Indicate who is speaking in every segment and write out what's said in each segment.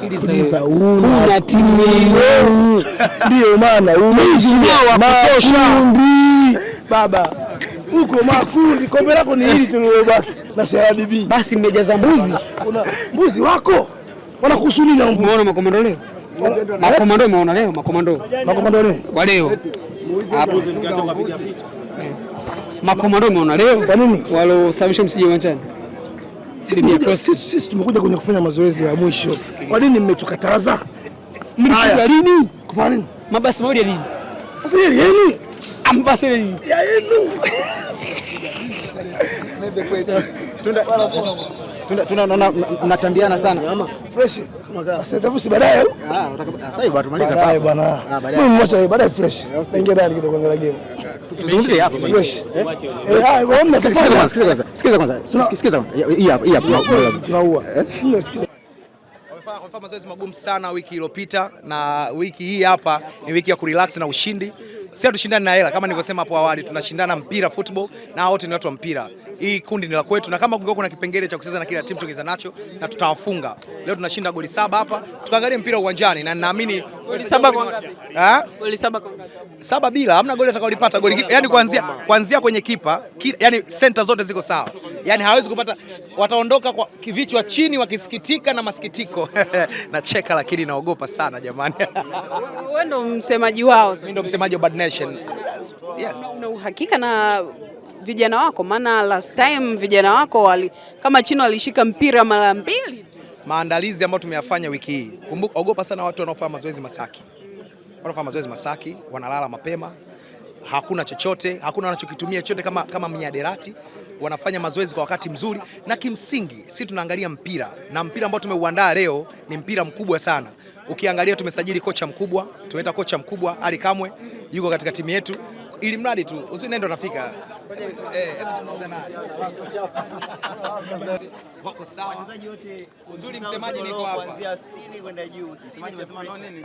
Speaker 1: kulipa una ndio maana umeziwakundi baba huko makundi. Kombe lako ni hili tulilobaki na CRDB. Basi mmejaza mbuzi, mbuzi wako wanakuhusu nini? Na
Speaker 2: umeona makomando leo, makomando umeona leo, makomando makomando leo kwa leo eh. makomando umeona leo, kwa nini walosababisha msije uwanjani?
Speaker 1: Sisi tumekuja kwenye kufanya mazoezi ya mwisho. Kwa nini mmetukataza?
Speaker 2: Mlikuja lini? Kwa nini? Mabasi mawili lini?
Speaker 1: Sasa yeye yenu.
Speaker 2: Ambasi ah, lini?
Speaker 1: Ya yenu.
Speaker 2: Nende kwetu. Tunda tuna tunaona mnatambiana sana. Mama
Speaker 1: fresh. Sasa tafusi baadaye.
Speaker 2: Ah, unataka sasa hivi
Speaker 1: baadaye bwana. Ah, Mimi mmoja baadaye fresh. Eh, Ingia ndani kidogo kwenye game tuzungumzie eh? eh, ah,
Speaker 2: Sikiza kwanza, sikiza kwanza,
Speaker 1: eh, hii hapa tunaua
Speaker 3: wamefanya mazoezi magumu sana wiki iliyopita na wiki hii hapa ni wiki ya kurelax na ushindi. Si hatushindani na hela kama nilivyosema hapo awali, tunashindana mpira football, na wote ni watu wa mpira hii kundi ni la kwetu, na kama kungekuwa kuna kipengele cha kucheza na kila timu tungeza nacho na tutawafunga. Leo tunashinda goli saba hapa, tukaangalia mpira uwanjani na ninaamini
Speaker 4: goli saba kwa ngapi? Eh? Goli saba kwa ngapi?
Speaker 3: Saba bila, hamna goli atakaolipata goli, yani kuanzia kuanzia kwenye kipa, yani center zote ziko sawa. Yani hawezi kupata, wataondoka kwa kivichwa chini wakisikitika na masikitiko. Nacheka lakini naogopa sana jamani.
Speaker 4: Wewe ndo msemaji wao.
Speaker 5: Mimi ndo msemaji wa Bad Nation.
Speaker 4: Una uhakika na vijana wako? Maana last time vijana wako wali, kama Chino walishika mpira mara mbili.
Speaker 3: Maandalizi ambayo tumeyafanya wiki hii, kumbuka, ogopa sana watu wanaofanya mazoezi Masaki, wanaofanya mazoezi Masaki wanalala mapema, hakuna chochote, hakuna wanachokitumia chochote kama, kama miaderati wanafanya mazoezi kwa wakati mzuri, na kimsingi si tunaangalia mpira na mpira ambao tumeuandaa leo ni mpira mkubwa sana. Ukiangalia tumesajili kocha mkubwa, tumeleta kocha mkubwa Ali Kamwe, yuko katika timu yetu ili mradi tu usinendo unafika wako sawa. Wachezaji wote uzuri, msemaji niko hapa
Speaker 4: kuanzia 60 kwenda juu. Msemaji amesema nini?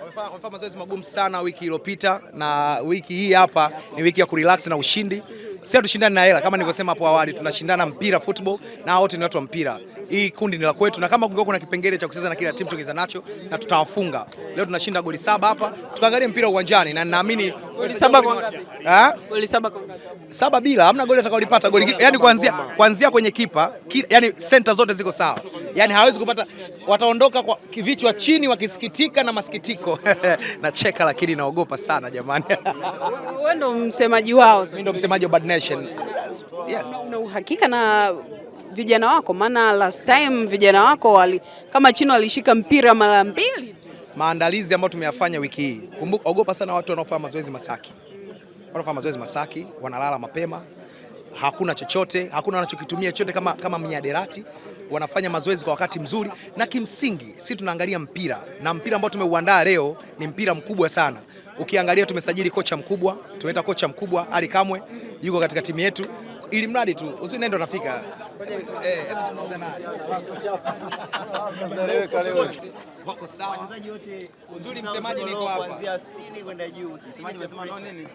Speaker 3: Wamefanya mazoezi magumu sana wiki iliyopita na wiki hii hapa ni wiki ya kurelax na ushindi. Sisi hatushindani na hela kama nilivyosema hapo awali, tunashindana mpira football, na wote ni watu wa mpira hii kundi ni la kwetu, na kama kungekuwa kuna kipengele cha kucheza na kila timu tungeza nacho na tutawafunga. Leo tunashinda goli saba hapa, tukaangalia mpira uwanjani na ninaamini
Speaker 4: goli saba kwa ngapi? Ah, goli saba kwa ngapi?
Speaker 3: Saba bila, hamna goli atakaolipata goli, yani kuanzia kuanzia kwenye kipa, yani senta zote ziko sawa, yani hawezi kupata, wataondoka kwa vichwa chini wakisikitika na masikitiko. Nacheka lakini naogopa sana jamani.
Speaker 4: Wewe ndo msemaji wao,
Speaker 5: mimi ndo msemaji wa Bad Nation.
Speaker 4: Una uhakika na vijana wako? Maana last time vijana wako wali, kama Chino walishika mpira mara mbili.
Speaker 3: Maandalizi ambayo tumeyafanya wiki hii, kumbuka, ogopa sana watu wanaofanya mazoezi Masaki, wanaofanya mazoezi Masaki wanalala mapema, hakuna chochote, hakuna wanachokitumia chochote kama, kama miaderati wanafanya mazoezi kwa wakati mzuri, na kimsingi si tunaangalia mpira na mpira ambao tumeuandaa leo ni mpira mkubwa sana. Ukiangalia tumesajili kocha mkubwa, tumeleta kocha mkubwa Ali Kamwe, yuko katika timu yetu ili mradi tu usinendo nafika wako sawa. Wachezaji wote uzuri, msemaji niko hapa
Speaker 4: kuanzia 60 kwenda juu, msemaji amesema nini?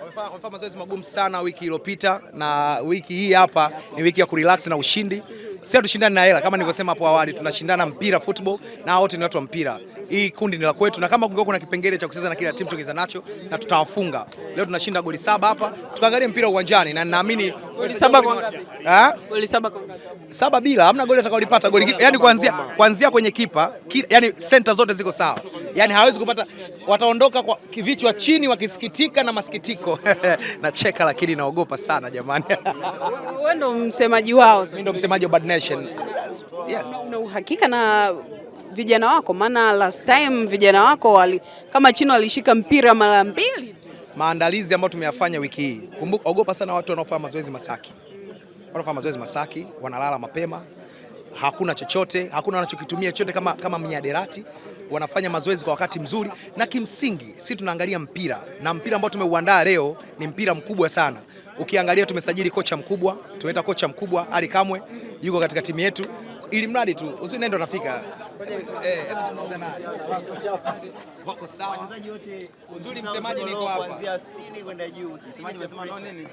Speaker 3: wamefanya mazoezi magumu sana wiki iliyopita na wiki hii hapa ni wiki ya kurelax na ushindi. Si hatushindani na hela kama nilivyosema hapo awali, tunashindana mpira football, na wote ni watu wa mpira. Hii kundi ni la kwetu, na kama kungekuwa kuna kipengele cha kucheza na kila timu tungeza nacho na tutawafunga. Leo tunashinda goli saba hapa, tukaangalia mpira uwanjani, na ninaamini
Speaker 4: goli saba kwa ngapi? Eh, goli saba kwa ngapi?
Speaker 3: Saba bila, hamna goli atakaolipata goli, yani kuanzia kuanzia kwenye kipa, yani center zote ziko sawa yani hawezi kupata, wataondoka kwa kivichwa chini wakisikitika na masikitiko. Nacheka lakini naogopa sana jamani.
Speaker 4: Wewe ndo msemaji wao,
Speaker 5: mimi ndo msemaji wa Bad Nation.
Speaker 4: Una uhakika na vijana wako? Maana last time vijana wako wali, kama chini walishika mpira mara mbili.
Speaker 3: Maandalizi ambayo tumeyafanya wiki hii, kumbuka, ogopa sana watu wanaofanya mazoezi Masaki, wanaofanya mazoezi Masaki wanalala mapema hakuna chochote, hakuna wanachokitumia chochote kama, kama miaderati. Wanafanya mazoezi kwa wakati mzuri, na kimsingi si tunaangalia mpira, na mpira ambao tumeuandaa leo ni mpira mkubwa sana. Ukiangalia tumesajili kocha mkubwa, tumeleta kocha mkubwa Ali Kamwe, yuko katika timu yetu, ili mradi tu usinendo nafika eh, eh, wako sawa. Uzuri msemaji niko hapa kuanzia
Speaker 4: 60 kwenda juu, msemaji amesema nini?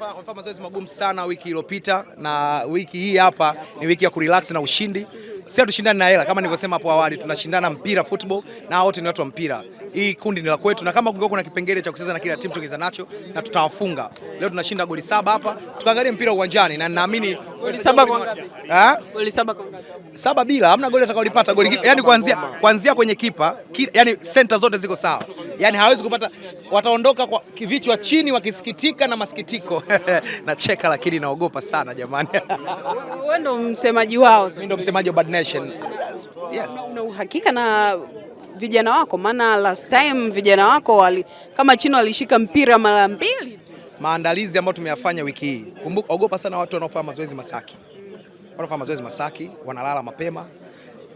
Speaker 3: Wamefanya mazoezi magumu sana wiki iliyopita na wiki hii hapa ni wiki ya kurelax na ushindi. si hatushindani na hela kama nilivyosema hapo awali, tunashindana mpira football, na wote ni watu wa mpira. Hii kundi ni la kwetu, na kama kungekuwa kuna kipengele cha kucheza na kila timu tungeza nacho na tutawafunga. Leo tunashinda goli saba hapa, tukaangalie mpira uwanjani, na ninaamini
Speaker 4: goli saba kwa ngapi? Ah, goli saba kwa ngapi?
Speaker 3: Saba bila, hamna goli atakaolipata goli, yani kuanzia kuanzia kwenye kipa, yani center zote ziko sawa yani hawezi kupata, wataondoka kwa vichwa chini wakisikitika na masikitiko. Nacheka lakini naogopa sana jamani.
Speaker 4: Wewe ndo msemaji wao? Mimi
Speaker 5: ndo msemaji wa Bad Nation.
Speaker 4: Yeah. Una uhakika na vijana wako? Maana last time vijana wako wali, kama chini walishika mpira mara mbili.
Speaker 3: Maandalizi ambayo tumeyafanya wiki hii, kumbuka, ogopa sana watu wanaofanya mazoezi Masaki, wanaofanya mazoezi Masaki wanalala mapema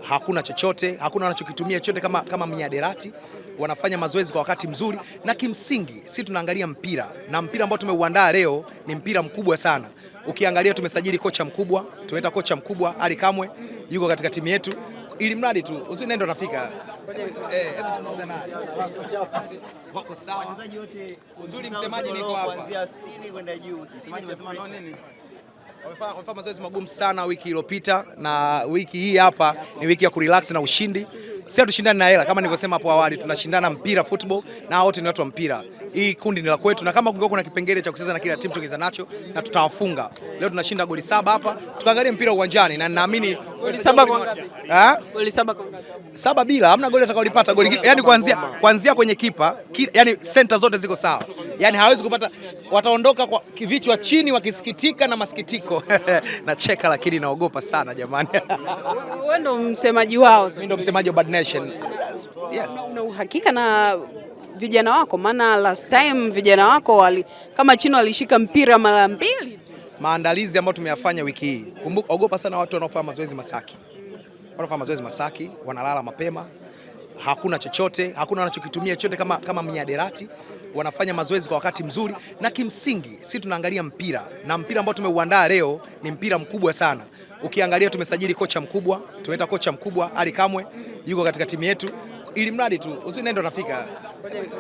Speaker 3: hakuna chochote, hakuna wanachokitumia chochote kama, kama miaderati. Wanafanya mazoezi kwa wakati mzuri, na kimsingi si tunaangalia mpira, na mpira ambao tumeuandaa leo ni mpira mkubwa sana. Ukiangalia tumesajili kocha mkubwa, tumeleta kocha mkubwa Ali Kamwe yuko katika timu yetu, ili mradi tu usinendo nafika eh, eh, wako sawa. Wachezaji wote uzuri, msemaji niko hapa
Speaker 4: kuanzia 60 kwenda juu, msemaji amesema nini?
Speaker 3: Wamefanya, mazoezi magumu sana wiki iliyopita na wiki hii hapa ni wiki ya kurelax na ushindi. Si hatushindani na hela kama nilivyosema hapo awali, tunashindana mpira football, na wote ni watu wa mpira hii kundi ni la kwetu, na kama kungekuwa kuna kipengele cha kucheza na kila timu tungeza nacho na tutawafunga. Leo tunashinda goli saba hapa, tukaangalie mpira uwanjani, na ninaamini
Speaker 4: goli saba kwa ngapi? Eh, goli saba kwa ngapi?
Speaker 3: Saba bila, hamna goli atakaolipata goli, yani kuanzia kuanzia kwenye kipa, yani senta zote ziko sawa, yani hawezi kupata, wataondoka kwa kivichwa chini wakisikitika na masikitiko nacheka, lakini naogopa sana jamani.
Speaker 4: Wewe ndo msemaji wao, mimi
Speaker 5: ndo msemaji wa Bad Nation.
Speaker 4: Una uhakika na vijana wako? Maana last time vijana wako wali, kama Chino walishika mpira mara mbili.
Speaker 3: Maandalizi ambayo tumeyafanya wiki hii, kumbuka, ogopa sana watu wanaofanya mazoezi Masaki, wanaofanya mazoezi Masaki wanalala mapema, hakuna chochote, hakuna wanachokitumia chochote kama, kama miaderati wanafanya mazoezi kwa wakati mzuri, na kimsingi si tunaangalia mpira na mpira ambao tumeuandaa leo ni mpira mkubwa sana. Ukiangalia tumesajili kocha mkubwa, tumeleta kocha mkubwa Ali Kamwe, yuko katika timu yetu ili mradi tu usinendo nafika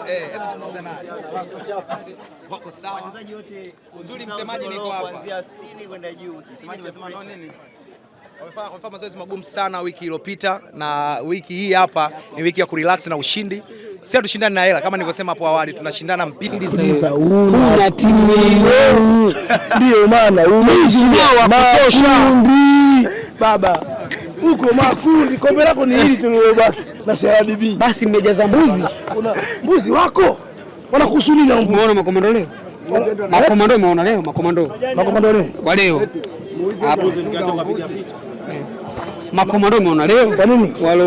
Speaker 3: eh, wako sawa. Wachezaji wote uzuri, msemaji niko hapa
Speaker 4: kuanzia 60 kwenda juu. Msemaji amesema nini?
Speaker 3: Wamefanya mazoezi magumu sana wiki iliyopita na wiki hii hapa ni wiki ya kurelax na ushindi. Si hatushindani na hela kama nilivyosema hapo awali, tunashindana mpira.
Speaker 1: Una ndio maana umeshindwa kutosha baba uko makundi, kombe lako ni hili tulilobaki na CRDB.
Speaker 2: Basi mmejaza mbuzi,
Speaker 1: mbuzi wako wanakuhusu nini?
Speaker 2: Umeona makomando leo, makomando umeona leo, makomando makomando leo Kwa leo, eh. makomando umeona leo, kwa nini?